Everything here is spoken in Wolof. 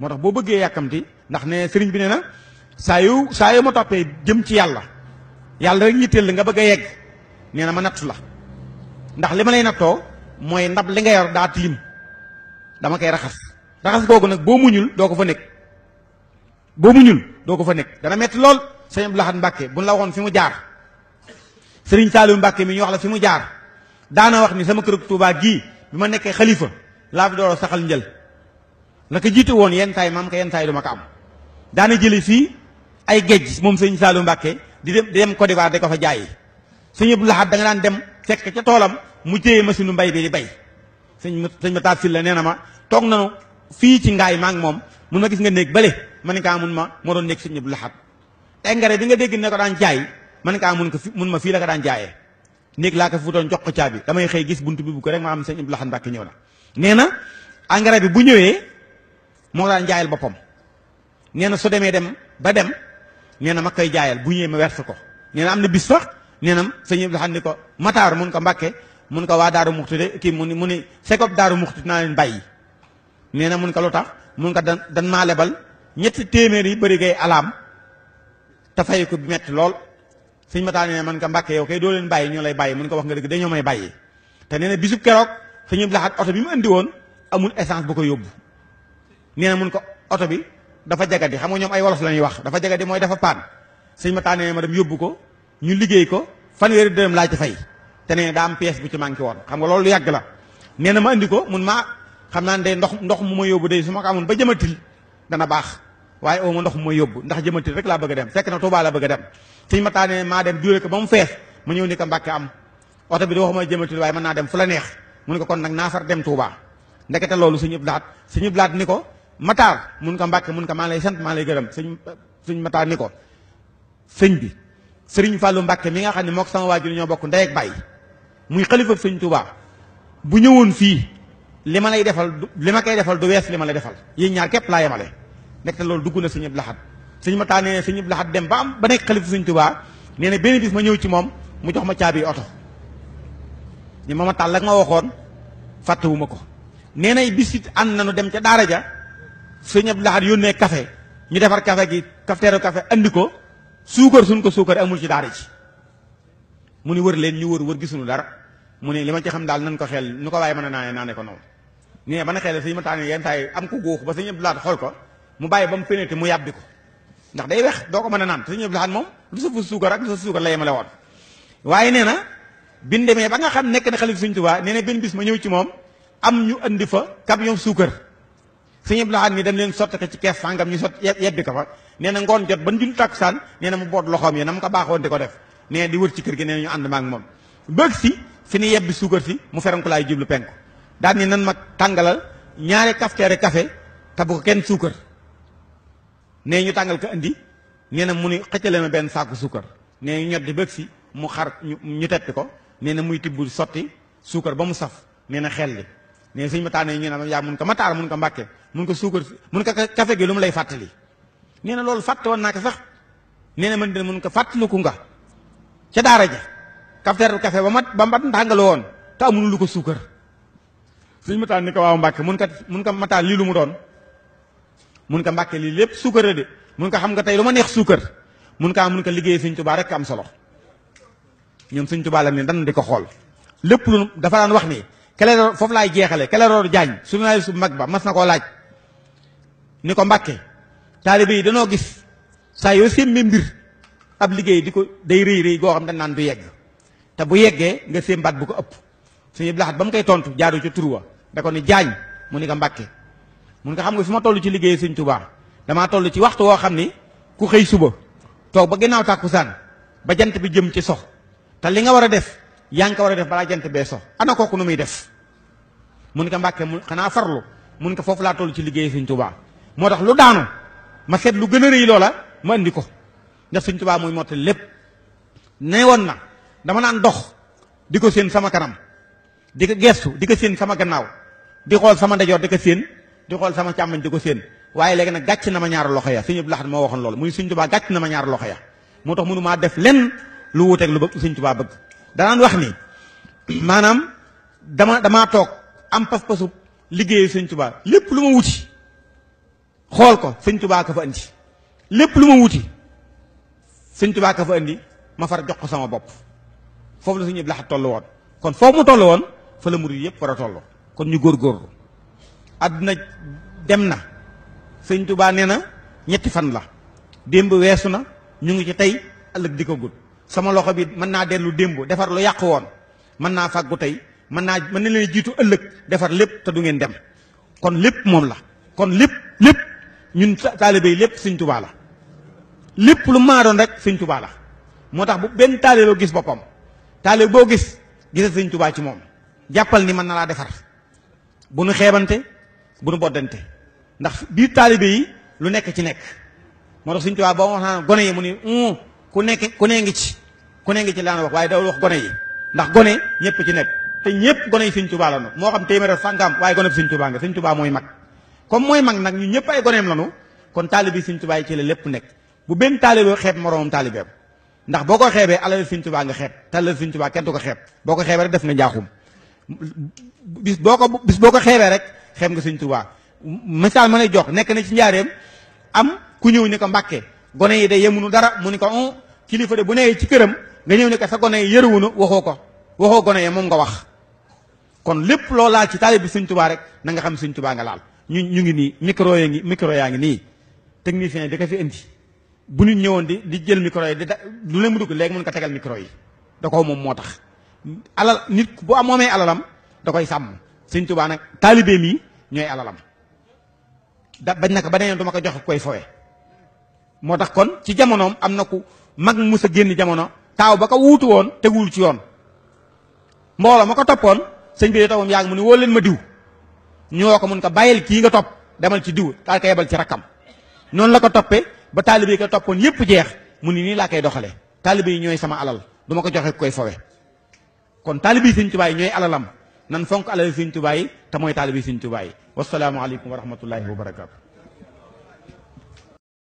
motax bo beugé yakamti ndax ne sëriñ bi néna sayu sayu mo topé jëm ci yalla yalla rek ñittel nga bëgg yegg néna ma nattu la ndax lima lay natto moy ndab li nga yor da tim dama kay raxas raxas googu nak bo muñul doo ko fa nek bo muñul doo ko fa nekk dana metti lool sëriñ Abdou Lahad bu la waxon fimu jaar sëriñ mbacké mi ñu wax la fimu jaar wax ni sama touba gi bima nekké khalifa la fi saxal ñël Nak jitu woon yenn mam maam ka yenn taay du am daana jeli fi ay gejj mom seigne Saalu mbake di dem di dem Côte d'Ivoire de ko fa jaay seigne Abdou Lahad da nga nan dem fekk ca tolam mu téye machine mbay bi di bay seigne seigne mata fil la nee ma toog ci ngaay maa ngi moom ma gis nga néeg balé man kaa amun ma ah, mo doon nekk seigne Abdou Lahad engrais bi nga deg ne ko dan jaay man kaa amun ko ah, mun ma fi la ka dan jaay la ka fu doon jox ko damay xey gis buntu bi bu ko rek ma am seigne Abdou Lahad na bi bu ñewé moo daan jaayal boppam nee su demee dem ba dem nee na ma koy jaayal bu ñëwee ma werse ko nee am na bis sax nee na sëñ bi xam ni ko mataar mun ko mbàkke mun ko waa daaru muxti de kii mu ni mu ni sekob daaru muxti naa leen bàyyi nee na mun ko lu tax mun ko dan dan maa lebal ñetti téeméer yi bëri gay alaam te fay ko bi metti lool sëñ mataar nee na man ko mbàkke yow kay doo leen bàyyi ñoo lay bàyyi mun ko wax nga dëgg dañoo may bàyyi te nee na bisub keroog sëñ bi laxat oto bi ma indi woon amul essence bu ko yóbbu nee na mun ko oto bi dafa jagadi xam nga ñoom ay wolof lañuy wax dafa jagadi moy dafa pan sëñ ma tànnee ma dem yobbu ko ñu liggey ko fanweeri dërëm laa ci fay te da am pièce bu ci manki won xam nga loolu yag la nee na ma andi ko mun ma xam naan day ndox ndox mu ma yobbu day suma ko ba jëmatil dana bax waye o mo ndox mu ma yobbu ndax jëmatil rek la bëgg dem fekk na la bëgg dem ma dem duure ko ba mu fess ma ñew ni ko mbacke am oto bi di waxuma jëmatil waye man na dem fu la neex mun ko kon nak dem Tuubaa ndekete lolou suñu blaat suñu blaat niko matar mun ko mbacke mun ko malay sante sant geureum lay gërëm matar niko mataar bi sëriñ fallu mbacke mi nga xamni mok sama waajur ñoo bokk ndey ak bay muy khalifa sëñ touba bu ñewoon fi lima lay defal lima kay defal du wess lima lay defal yi ñaar kep la yamale nek na lool duggu na sëñ Abdu Lahad matar ne nee sëñ dem ba am ba nek khalifa sëñ touba nee na benn bis ma ñew ci mom mu jox ma ciabi auto ni mama tal ak ma waxoon ko bisit an nañu dem ci daara ja sëñ Abdou Lahad yónnee café ñu defar café gi cafeteeru kafe andi ko suukar suñ ko suukar amul ci daara ci mu ni wër leen ñu wër wër gisuñu dara mu ne li ma ci xam daal nañ ko xel nu ko waaye mën a naane naane ko noonu ne ba na xel sëñ ma taane yenn am ko góox ba xool ko mu bàyyi ba mu pénété mu yàbbi ko ndax day wex doo ko mën a naan sëñ Abdou Lahad moom lu sa fu suukar ak lu sa suukar la woon waaye nee na bin demee ba nga xam nekk na xalif sëñ Tuubaa nee ne benn bis ma ñëw ci moom am ñu indi fa camion suukar sëñ Abdou Lahad mi dem leen sotti ko ci kees sàngam ñu sot yeb ko fa nee na gon jot ban julli takkusaan nee na mu boot loxoom yi na mu ko baaxoon def nee di wër ci kër gi nee an ñu mang maag moom si fi ni yebbi si mu feranku laay jublu penko dan ni nan ma tàngalal ñaari kafteere café kafe bu ko ken suukar nee ñu tangal ko indi nee mu ni xëccale ben saaku suukar ñu ñot di bëgg mu xar ñu teppi ko nee muy tibb sotti suukar ba mu saf nee na xel ne suñ ma tànnee ñu na ya mun ko mataar mun ko mbacke mun ko suukar mun ko kafe gi lu mu lay fatali neena lool fatte won naka sax neena man de mun ko fàttaliku nga ci dara ja kafteeru kafe ba mat ba mat ndangal won ta amul lu ko suukar suñ ma ko waaw mbacke mun ko mun ko mata li lu mu doon mun ko mbacke li lepp suukar de mun ko xam nga tay lu ma neex suukar mun ka mun ko liggey suñ tuba rek am solo ñom suñ tuba la ne dan di ko xool lu dafa daan wax ni Clédor foofu laay jeexale Clédor Diagne journaliste bu mag ba mas na laaj ni mbacke talibi dano yi danoo gis saa yoo mbir ab liggey di day reey reey go xam dañ nan du yegg ta bu yegge nga sémbaat bu ko upp suñu laxat bam kay tontu jaadu ci turwa da ko ni jagn mu ni ko mbàkke mun nga xam nga fi tollu ci liggey Sëñ Tuubaa dama tollu ci waxtu wo xamni ni ku xey suba tok ba gennaw takusan ba jant bi jëm ci sox ta li nga wara def yang kawara def balaa jant so ana kooku nu def mun ka mbake xana farlu mun ka fofu la tollu ci liggey seigne touba motax lu daanu ma set lu gën reey lola ma indi ko ndax sëñ tubaa muy mottali lépp na dama nan dox diko seen sama kanam diko gestu diko seen sama gannaaw di xol sama ndajor diko seen di xol sama càmmañ diko seen waye legi nak gatch na ma ñaar loxo ya seigne Abdou mo waxon lool muy seigne touba gatch na ma ñaar loxo ya motax munu ma def len lu wuuteeg lu bëgg seigne touba bëgg danaan wax ni maanaam dama damaa toog am pas-pasu liggéeyu sëñ tubaa lépp lu ma wuti xool ko sëñ tubaa ka fa andi lépp lu ma wuti sëñ tubaa ka fa andi ma far jox ko sama bopp foofu la suñu yëpp laxat toll woon kon foofu mu toll woon fa la murid yëpp war a toll kon ñu góorgóorlu àdduna dem na sëñ tubaa nee na ñetti fan la démb weesu na ñu ngi ci tey ëllëg di ko gudd sama loxo bi man na delu dembu defar lu yak won man na fagu tay man na man defar lip te du ngeen dem kon lepp mom la kon lepp lip ñun talibé lip seigne touba la lepp lu ma don rek seigne touba la motax bu benn taalibe gis bopam talibé bo gis gis seigne touba ci mom jappal ni man na la defar bu nu xébanté bu nu bodanté ndax bi talibé yi lu nek ci nek motax seigne touba bo boo goné yi mu ni mm, ku nek ku ne ngi ci ku ne ngi ci laan wax waaye dawul wax gone yi ndax gone ñëpp ci nekk te ñëpp gone yi Sëñ Tuubaa la moo xam téeméer sàngam waaye gone bi Sëñ Tuubaa nga Sëñ Tuubaa mooy mag comme mooy mag nag ñu ñëpp ay goneem lanu kon taalibi Sëñ Tuubaa yi ci la lépp nekk bu benn taalibe xeeb moroomam taalibeem ndax boo ko xeebee alal Sëñ Tuubaa nga xeeb te alal Sëñ Tuubaa ko xeeb boo ko xeebee rek def nga njaaxum bis boo ko bis boo ko xeebee rek xeeb nga Sëñ Tuubaa misaal ma lay jox nekk na ci njaareem am ku ñëw ni ko mbàkke gone yi de yemunu dara mu ne ko on oh, kilifa de bu newee ci këram nga ñëw ne ko sa gone yi yëruwunu waxoo ko waxoo gone yi moom nga wax kon lépp loo laal ci taalib bi Sëñ rek na nga xam Sëñ Tuubaa nga laal ñu ñu ngi nii micro yaa ngi micro yaa ngi nii technicien da ko fi indi bu ñu ñëwoon di di jël micro yi di da lu leen mu dugg léegi mën ko tegal micro yi da ko moom moo tax alal nit bu am moomee alalam da koy sàmm Sëñ Tuubaa nag taalibeem yi ñooy alalam da bañ na ko ba nee duma ko jox koy fowe moo tax kon ci jamonoom am na ku mag mu sa génn jamono taw ba ko wuutu te teguwul ci yoon mbolo mako topon señ sëñ bi tawam yàgg mu ni woo leen ma diw ñoko ko mun ko bàyyil kii nga top demal ci diw daal ko yebal ci rakam non la ko topé ba ko yépp jeex mu ni ni la kay ñoy sama alal duma ko joxe koy fowé kon talibi señ sëñ ñoy alalam nan fonk alal señ Tuubaa yi te mooy taalibe yi sëñ yi wa rahmatullahi wa